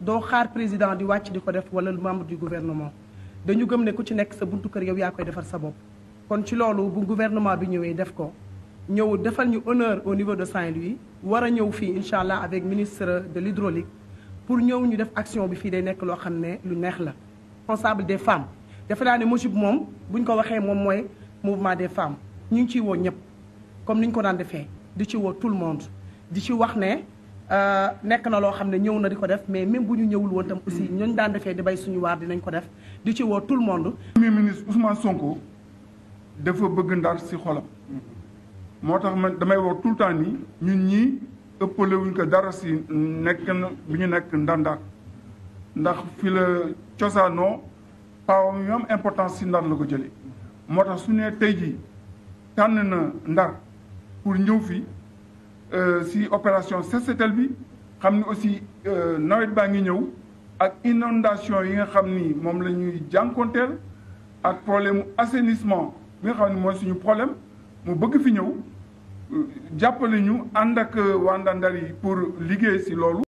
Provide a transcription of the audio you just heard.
doo xaar président di wàcc di ko def wala membre du gouvernement dañu gëm ne ku ci nekk sa buntu kër yow yaa koy defar sa bopp kon ci loolu bu gouvernement bi ñëwee def ko ñëw defal ñu honneur au niveau de Saint-Louis war a ñëw fii incha allah avec ministre de l'hydraulique pour ñëw ñu def action bi fii day nekk loo xam ne lu neex la responsable des femmes defe naa ne MOJUB moom buñ ko waxee moom mooy mouvement des femmes ñu ngi ciy woo ñëpp comme ni ñu ko daan defee di ci woo tout le monde di ci wax ne Euh, nekk na loo xam ne ñëw na di ko def mais même bu ñu ñëwul woon tam aussi ñooñu daan defee di bay suñu waar dinañ ko def di ci woo tout le monde. premier ministre Ousmane Sonko dafa bëgg ndar si xolam. moo tax ma damay woo tout le temps nii ñun ñii ëppale ko dara si nekk na bi ñu nekk ndar-ndar ndax fi la cosaanoo paawam yu am si ndar la ko jëlee moo tax su ne tey jii tànn na ndar pour ñëw fi. Euh, si opération set setal bi xam ni aussi euh, nawet baa ngi ñëw ak inondation yi nga xam ni moom la ñuy jànkonteel ak problème mu assainissement bi nga xam ni mooy suñu problème mu bëgg fi ñëw euh, jàppale ñu ànd ak waa yi pour liggéey si loolu